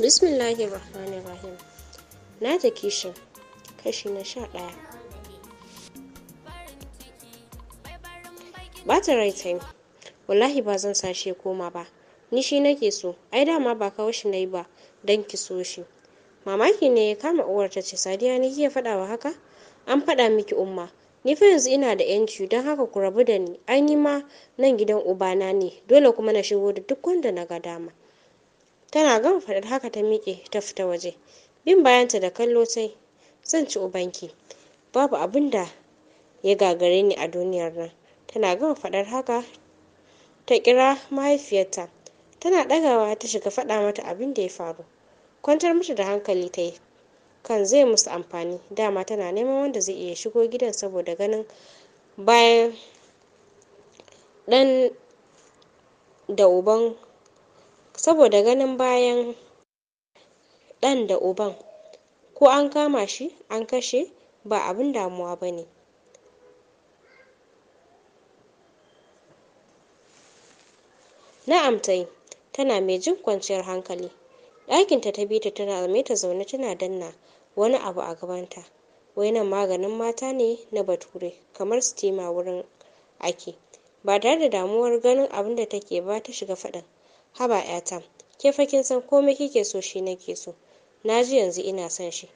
bismillahi rahmanir rahim na ta kishin kashi na sha ɗaya ba ta rai time wallahi ba zan sashe koma ba ni shi nake so ai dama ba kawo shi na yi ba don ki so shi mamaki ne ya kama uwar ta ce sadiya ni kiya faɗa wa haka an faɗa miki umma ni fa yanzu ina da yanci don haka ku rabu da ni ai ni ma nan gidan ubana ne dole kuma na shigo da duk wanda na ga dama tana gama faɗar haka ta miƙe ta fita waje bin bayanta da kallo sai zan ci ubanki babu abin da ya gagare ni a duniyar nan tana gama faɗar haka ta kira mahaifiyarta tana ɗagawa ta shiga faɗa mata abin da ya faru kwantar mata da hankali ta yi kan zai musu amfani dama tana neman wanda zai iya shigo gidan saboda ganin bayan ɗan da uban saboda ganin bayan ɗan da uban ko an kama shi an kashe ba abin damuwa ba ne na'am ta tana mai jin kwanciyar hankali ɗakinta ta bi ta tana ta zaune tana danna wani abu a gabanta wai nan maganin mata ne na bature kamar tema wurin ake ba tare da damuwar ganin abin da take ba ta shiga faɗin haba ƴata ke fa kin san komai kike so shi nake so na ji yanzu ina son shi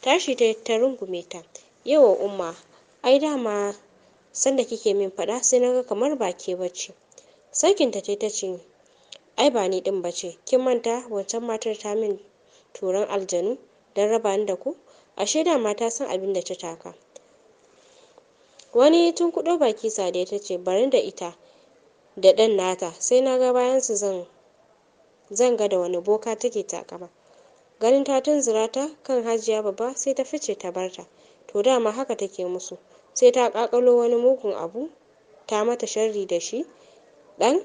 tashi ta ta rungume ta yawa umma ai dama sanda kike min faɗa sai na ga kamar ba ke bacci sakinta ta ce ai ba ni ɗin bace kin manta wancan matar ta min turan aljanu don raba ni da ku ashe dama mata san abin da ta taka wani tun kuɗo baki sadiya ta ce bari da ita da ɗan nata sai na ga su zan zan ga da wani boka take takama ganin ta tunzura ta kan hajiya babba sai ta fice ta barta to dama haka take musu sai ta kakalo wani mugun abu ta mata sharri da shi ɗan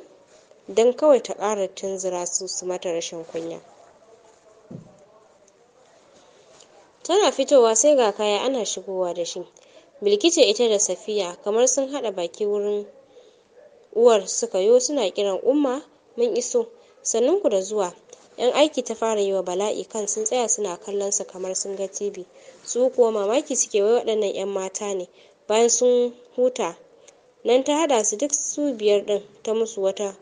dan kawai ta ƙara tunzura su su mata rashin kunya tana fitowa sai ga kaya ana shigowa da shi bilkice ita da safiya kamar sun hada baki wurin uwar suka yo suna kiran umma mun iso sannan ku da zuwa yan aiki ta fara yi wa bala'i kan sun tsaya suna kallon sa kamar sun ga tv su kuwa mamaki suke wai waɗannan yan mata ne bayan sun huta nan ta haɗa su duk su biyar ɗin ta musu wata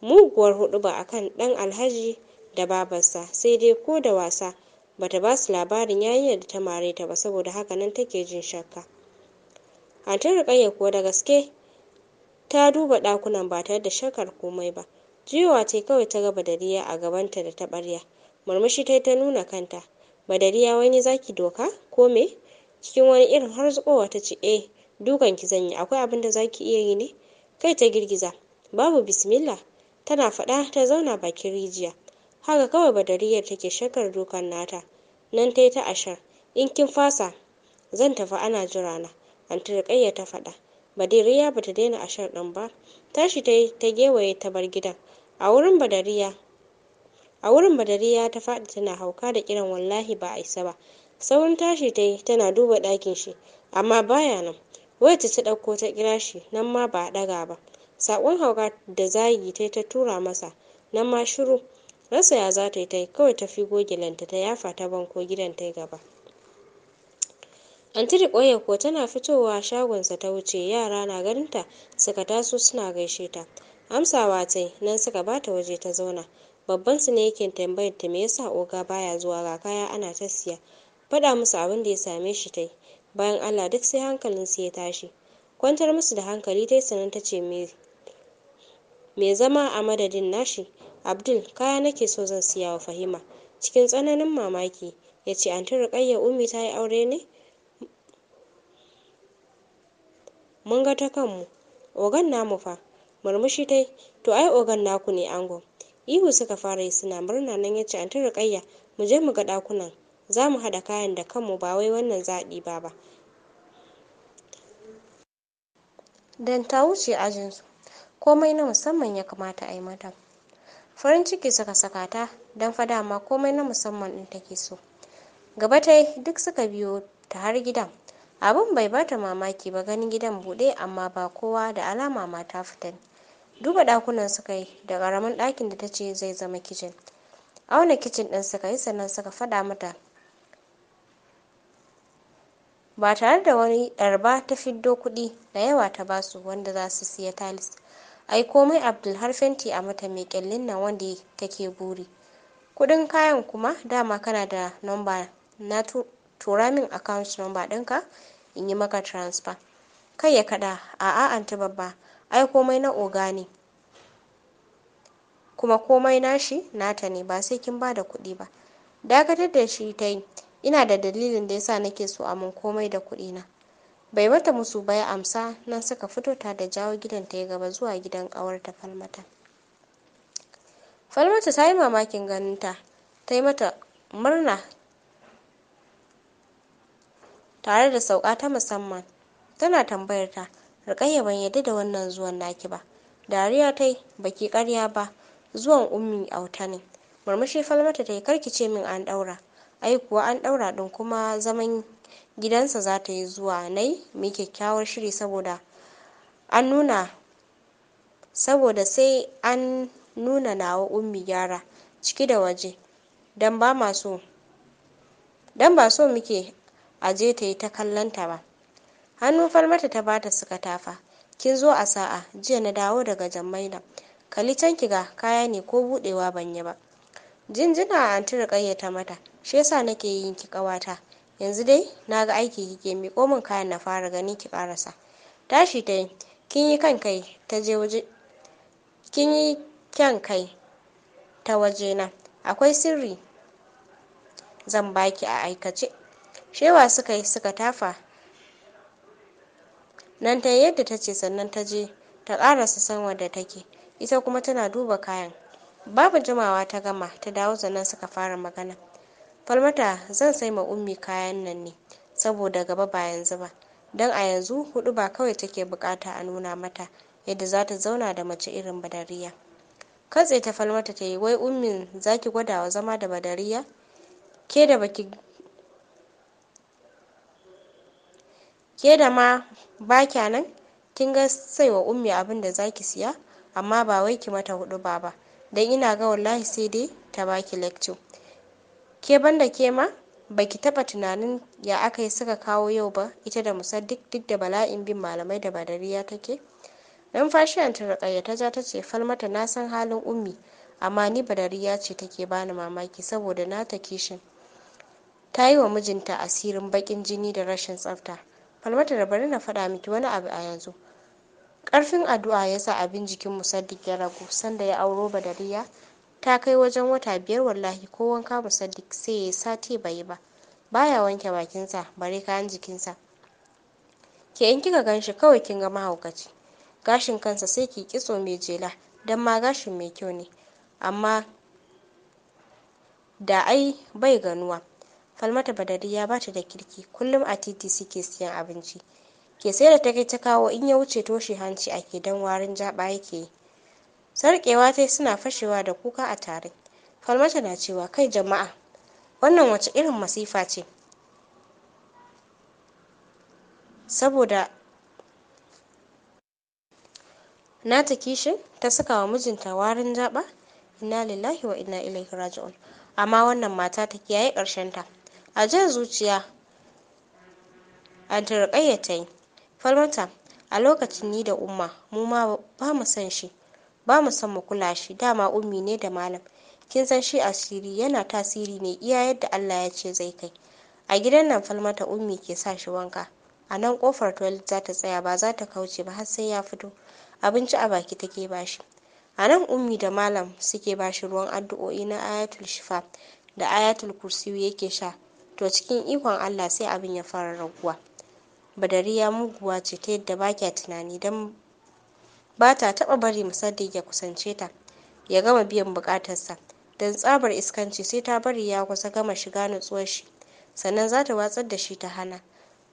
muguwar huɗuba akan ɗan alhaji da babarsa sai dai ko da wasa bata basu labarin yayin da ta mare ta ba saboda haka nan take jin shakka antin rikayya kuwa da gaske ta duba ɗakunan ba tare da shakkar komai ba juyowa ce kawai ta ga badariya a gabanta da taɓarya murmushi tai ta nuna kanta badariya wani zaki doka ko me cikin wani irin harzuƙowa ta ce eh dukan ki zanyi akwai abin da zaki iya yi ne kai ta girgiza babu bismillah tana faɗa ta zauna bakin rijiya haka kawai badariyar take shakar dukan nata nan tai ta ashar in kin fasa zan tafi ana jira na anti ruqayya ta faɗa badariya bata daina ashar ɗin ba tashi yi ta gewaye ta bar gidan a wurin badariya a wurin badariya ta faɗi tana hauka da kiran wallahi ba a isa ba saurin tashi ta yi tana duba ɗakin shi amma baya nan wayarta ta ɗauko ta kira shi nan ma ba a ɗaga ba saƙon hauka da zagi ta ta tura masa nan ma shiru rasa ya za ta yi ta kawai ta fi gilanta ta yafa ta banko gidan ta gaba antiri ko tana fitowa shagonsa ta wuce yara na ganinta suka taso suna gaishe ta amsawa ta nan suka bata waje ta zauna babban su ne yake tambayar ta me yasa oga baya zuwa ga kaya ana ta siya faɗa musu abin da ya same shi ta bayan allah duk sai hankalin su ya tashi kwantar musu da hankali ta yi sannan ta ce me mai zama a madadin nashi abdul kaya nake so zan siya wa fahima cikin tsananin mamaki ya ce anti rukayya umi ta yi aure ne mun ga ta kanmu ogan namu fa murmushi tai to ai ogan naku ne ango ihu suka fara yi suna murna nan ya ce anti rukayya mu je mu ga ɗakunan za mu haɗa kayan da kanmu ba wai wannan zaɗi ba ba dan ta wuce ajinsu komai na musamman ya kamata a yi mata farin ciki suka saka ta don fa dama komai na musamman ɗin take so gaba ta duk suka biyo ta har gidan abun bai bata mamaki ba ganin gidan buɗe amma ba kowa da alama mata fita duba ɗakunan suka yi da ƙaramin ɗakin da ta ce zai zama kicin auna kicin ɗin suka yi sannan suka faɗa mata ba tare da wani ɗarba ta fiddo kuɗi da yawa ta basu wanda za su siya talis ai komai abdul har fenti a mata mai kyallin nan wanda take buri kuɗin kayan kuma dama kana da namba na tura min account number ɗinka in yi maka transfer kai ya kada a'a anti babba ai komai na oga ne kuma komai nashi nata ne ba sai kin bada da kuɗi ba dakatar da shi ta yi ina da dalilin da yasa nake so a mun komai da kuɗi na bai mata musu ba amsa nan suka fito ta da jawo gidan ta ya gaba zuwa gidan ƙawarta falmata falmata ta yi mamakin ganin ta ta yi mata murna tare da sauka ta musamman tana tambayar ta rikayya ban yadda da wannan zuwan naki ba dariya ta yi baki karya ba zuwan ummi auta ne murmushi falmata ta yi karkice min an daura ai kuwa an daura din kuma zaman gidansa za ta yi zuwa na yi mai kyakkyawar shiri saboda an nuna saboda sai an nuna nawa ummi gyara ciki da waje don ba so muke a je ta yi ta kallon ta ba hannu falmata ta bata suka tafa kin zo a sa'a jiya na dawo daga jammaila kali can ki ga kaya ne ko budewa ban yi ba jinjina a anti rikayya ta mata shi yasa nake yin ki kawata yanzu dai na ga aiki kike miko min kayan na fara gani ki karasa tashi ta yi kin yi kan kai ta je waje kin yi kyan kai ta na akwai sirri zan baki a aikace shewa suka yi suka tafa nan ta yadda ta ce sannan ta je ta su san wadda take ita kuma tana duba kayan babu jimawa ta gama ta dawo sannan suka fara magana falmata zan sai ma ummi kayan nan ne saboda gaba ba yanzu ba don a yanzu hudu ba kawai take bukata a nuna mata yadda za ta zauna da mace irin badariya katse ta falmata ta yi wai ummin za ki gwada wa zama da badariya ke da baki ke da ma ba kya nan kin ga sai wa ummi abin da zaki siya amma ba wai ki mata hudu ba ba dan ina ga wallahi sai dai ta baki lecture ke banda ke ma baki taɓa tunanin ya aka yi suka kawo yau ba ita da musaddik duk da bala'in bin malamai da badariya take numfashiyan ta rikayya ta ja ta ce falmata na san halin ummi amma ni badariya ce take bani mamaki saboda na ta kishin ta yi wa mijinta asirin bakin jini da rashin tsafta falmata da bari na faɗa miki wani abu a yanzu ƙarfin addu'a ya sa abin jikin musaddik ya ragu sanda ya auro badariya ta kai wajen wata biyar wallahi ko wanka musaddik sai ya sati bai ba baya wanke bakinsa bare kayan jikinsa ke in kika ganshi kawai kin ga mahaukaci gashin kansa sai ki kitso mai jela don ma gashin mai kyau ne amma da ai bai ganuwa falmata badariya ya bata da kirki kullum a titi suke siyan abinci ke sai da ta ta kawo in ya wuce toshe hanci ake dan warin jaba yake yi sarkewa ta suna fashewa da kuka a tare falmata na cewa kai jama'a wannan wace irin masifa ce saboda nata kishin ta saka wa mijinta warin jaba inna lillahi wa inna ilaihi raji'un amma wannan mata ta kiyaye ƙarshenta a jan zuciya a dirƙayya ta yi falmata a lokacin ni da umma mu ma ba mu san shi ba mu san mu kula shi dama ummi ne da malam kin san shi asiri yana tasiri ne iya yadda Allah ya ce zai kai a gidan nan falmata ummi ke sa shi wanka a nan kofar toilet za ta tsaya ba za ta kauce ba har sai ya fito abinci a baki take bashi a nan ummi da malam suke bashi ruwan addu'o'i na ayatul shifa da ayatul kursiyu yake sha to cikin ikon Allah sai abin ya fara raguwa badariya muguwa ce ta yadda ba kya tunani don ba ta taɓa bari musaddiq ya kusance ta ya gama biyan buƙatarsa don tsabar iskanci sai ta bari ya kusa gama shiga nutsuwar shi sannan za ta watsar da shi ta hana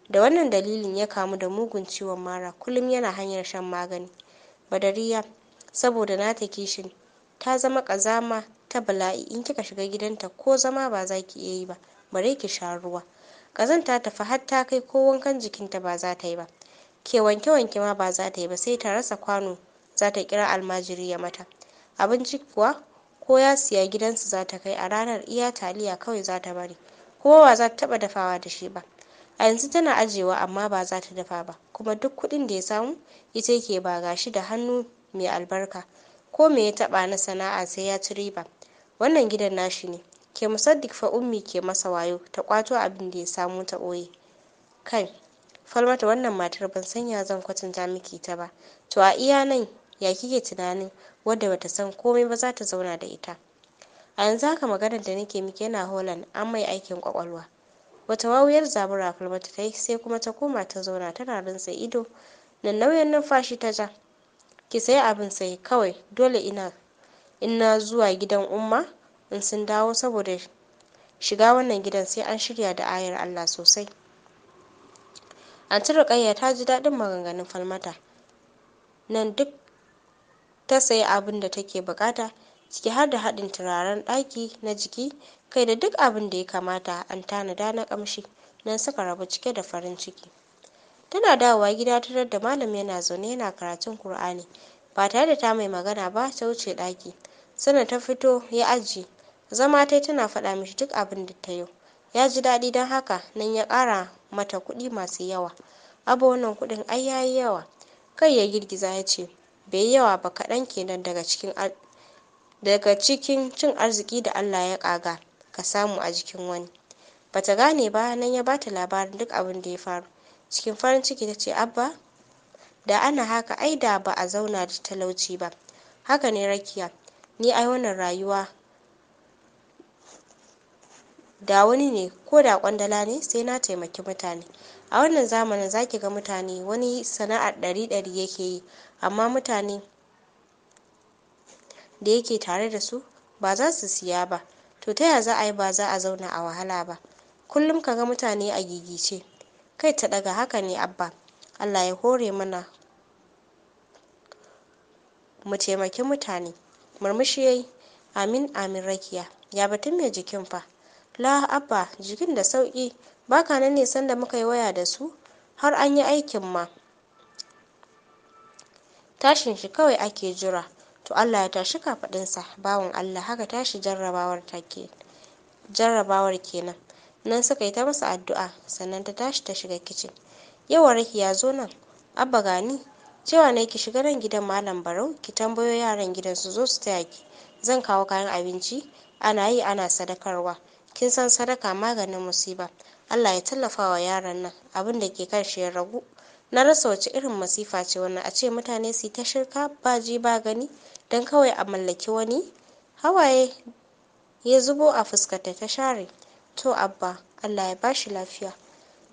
da wannan dalilin ya kamu da mugun ciwon mara kullum yana hanyar shan magani badariya saboda nata kishin ta zama ƙazama ta bala'i in kika shiga gidanta ko zama ba za ki iya yi ba bare ki sha ruwa ƙazanta tafi har ta kai ko wankan jikinta ba za ta yi ba ke wanke wanke ma ba za ta yi ba sai ta rasa kwano za ta kira almajiri ya mata abinci kuwa ko ya siya gidansu za ta kai a ranar iya taliya kawai za ta bari kuma ba za ta taɓa dafawa da shi ba a yanzu tana ajewa amma ba za ta dafa ba kuma duk kuɗin da ya samu ita yake ba ga shi da hannu mai albarka ko me ya taɓa na sana'a sai ya ci riba wannan gidan nashi ne ke musaddik fa ummi ke masa wayo ta kwato abin da ya samu ta ɓoye kai falmata wannan matar ban san ya zan kwatanta miki ta ba to a iya nan ya kike tunanin wadda bata san komai ba za ta zauna da ita a yanzu haka maganar da nake miki yana holland an mai aikin kwakwalwa wata wawuyar zabura falmata ta yi sai kuma ta koma ta zauna tana rinsa ido nan nauyin numfashi ta ja ki sayi abin sayi kawai dole ina in na zuwa gidan umma in sun dawo saboda shiga wannan gidan sai an shirya da ayar Allah sosai anti ruƙayya ta ji daɗin maganganun falmata nan duk ta sayi abin da take bukata ciki har da haɗin turaren ɗaki na jiki kai da duk abin da ya kamata an tanada na ƙamshi nan saka rabu cike da farin ciki tana dawowa gida tarar da malam yana zaune yana karatun kur'ani ba tare da ta mai magana ba ta wuce ɗaki sannan ta fito ya aji zama ta yi tana faɗa mishi duk abin da ta yi ya ji daɗi don haka nan ya ƙara mata kuɗi masu yawa abu wannan kuɗin ai ya yi yawa kai ya girgiza ya ce bai yi yawa ba kaɗan kenan daga cikin daga cikin cin arziki da allah ya ƙaga ka samu a jikin wani bata gane ba nan ya bata labarin duk abin da ya faru cikin farin ciki ta ce abba da ana haka ai da ba a zauna da talauci ba haka ne rakiya ni ai wannan rayuwa da wani ne ko da kwandala ne sai na taimaki mutane a wannan zamanin za ki ga mutane wani sana'ar ɗari ɗari yake yi amma mutane da yake tare da su ba za su siya ba to ta ya za a yi ba za a zauna a wahala ba kullum ka ga mutane a gigice kai ta daga haka ne abba allah ya hore mana mu taimaki mutane murmushi yi amin amin rakiya ya batun mai jikin fa la abba jikin da sauki baka nan ne sanda muka yi waya da su har an yi aikin ma tashin shi kawai ake jira to allah ya tashi kafaɗinsa bawan allah haka tashi jarrabawar take jarrabawar kenan nan suka yi ta masa addu'a sannan ta tashi ta shiga kicin yawa raki ya zo nan abba gani cewa na ki shiga nan gidan malam barau ki tambayo yaran gidan su zo su taya ki zan kawo kayan abinci ana yi ana sadakarwa kin san sadaka maganin musiba Allah ya tallafa wa yaron nan abin da ke kan shi ya ragu na rasa wace irin masifa ce wannan a ce mutane su ta shirka ba ji ba gani don kawai a mallaki wani hawaye ya zubo a fuskarta ta share to abba Allah ya bashi lafiya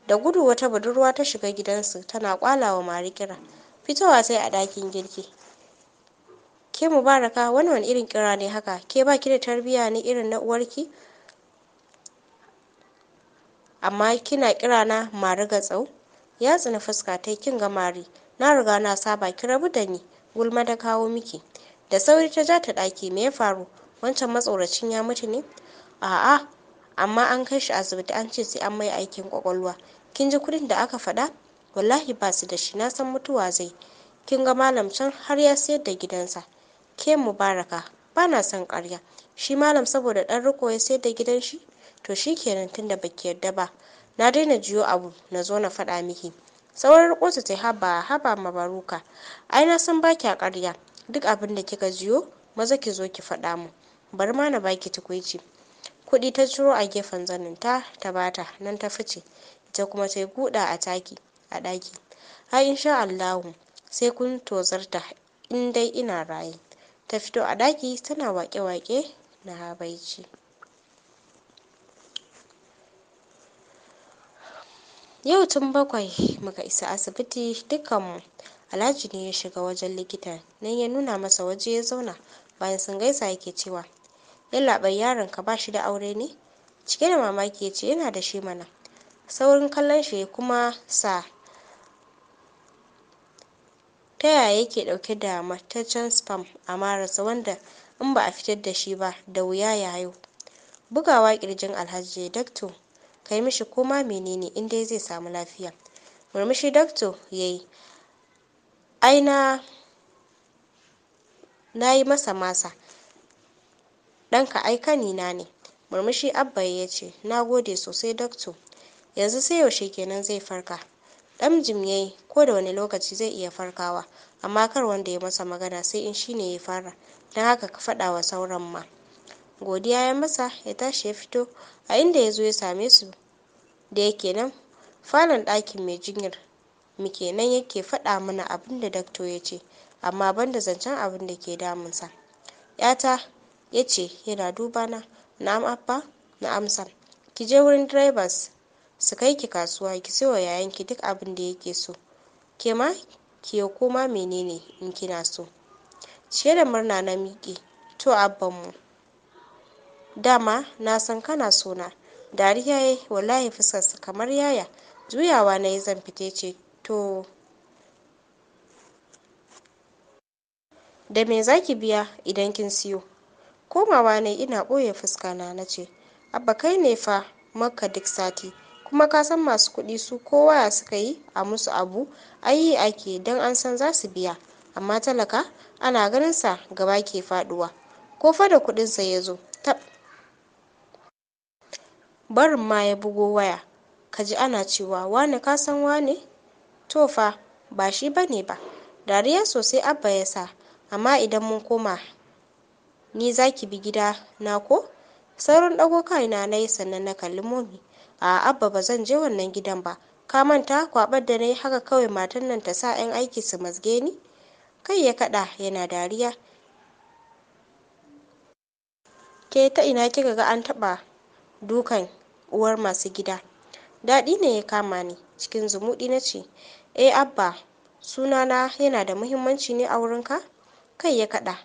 da gudu wata budurwa ta shiga gidansu tana kwalawa mari kira fitowa sai a dakin girki ke mubaraka wani wani irin kira ne haka ke ba ki da tarbiyya ne irin na uwarki amma kina kira na mari tsawo. ya tsina fuska ta kin ga mari na riga na saba ki rabu da ni gulma da kawo miki da sauri ta ja ta daki me ya faru wancan matsoracin ya mutu ne a'a amma an kai shi asibiti an ce sai an mai aikin kwakwalwa kin ji kuɗin da aka faɗa wallahi ba su da shi na san mutuwa zai kin ga malam can har ya sayar da gidansa ke mubaraka ba na son karya shi malam saboda ɗan riko ya sayar da gidan shi to shi kenan tunda baki yarda ba na daina jiyo abu na zo na faɗa miki saurin kotu ta haba haba mabaruka ai na san baki a ƙarya duk abin da kika jiyo maza ki zo ki faɗa mu bar ma na baki tukuici kuɗi ta ciro a gefen zaninta ta bata nan ta fice ita kuma ta yi guda a taki a ɗaki ai insha allahu sai kun tozarta in dai ina raye ta fito a ɗaki tana waƙe-waƙe na habaici yau tun bakwai muka isa asibiti dukkanmu alhaji ne ya shiga wajen likitan nan ya nuna masa waje ya zauna bayan sun gaisa yake cewa yallaɓai yaron ka ba shi da aure ne cike da mamaki ya ce yana da shi mana saurin kallon shi kuma sa ta yaya yake ɗauke da mataccen sperm a marasa wanda in ba a fitar da shi ba da wuya ya haihu bugawa kirjin alhaji ya dakto kai mishi koma menene in dai zai samu lafiya murmushi dakto ya yi ai na na yi masa masa ɗanka ai kanina ne murmushi abba ya ce na gode sosai dakto yanzu sai yaushe kenan zai farka ɗan jim ya yi ko da wani lokaci zai iya farkawa amma kar wanda ya masa magana sai in shi ne ya fara don haka ka faɗa wa sauran ma godiya ya masa ya tashi ya fito a inda ya zo ya same su da yake nan falon ɗakin mai jinyar muke nan yake faɗa mana abin da dakto ya ce amma banda zancen abin da ke damunsa yata ya ce yana duba na na'am abba na amsa ki je wurin drivers su kai ki kasuwa ki siyo yayan ki duk abin da yake so ke ma ki koma menene in kina so cike da murna na miƙe to abban mu dama na san kana sona dariya ya yi wallahi fuskarsa kamar yaya juyawa na yi zan fita ce to da me za ki biya idan kin siyo komawa ne ina ɓoye fuska na ce abba kai ne fa maka duk sati kuma ka san masu kuɗi su kowa waya suka yi a musu abu ayi ake don an san za su biya amma talaka ana ganin sa gaba ke faduwa ko fa da kuɗinsa ya zo barin ma ya bugo waya ka ji ana cewa wane ka san wane to fa ba shi ba ne ba dariya sosai abba ya sa amma idan mun koma ni za ki bi gida na ko sauran ɗago kaina na yi sannan na kalli momi a abba ba zan je wannan gidan ba ka manta kwabar da na yi haka kawai matan nan ta sa 'yan aiki su mazge ni kai ya kaɗa yana dariya ke ta ina kika ga an taɓa dukan uwar masu gida daɗi ne ya kama ni cikin zumuɗi na ce e abba suna na yana da muhimmanci ne a wurinka kai ya kaɗa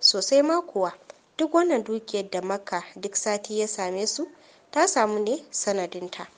sosai ma kuwa duk wannan dukiyar da makka duk sati ya same su ta samu ne sanadinta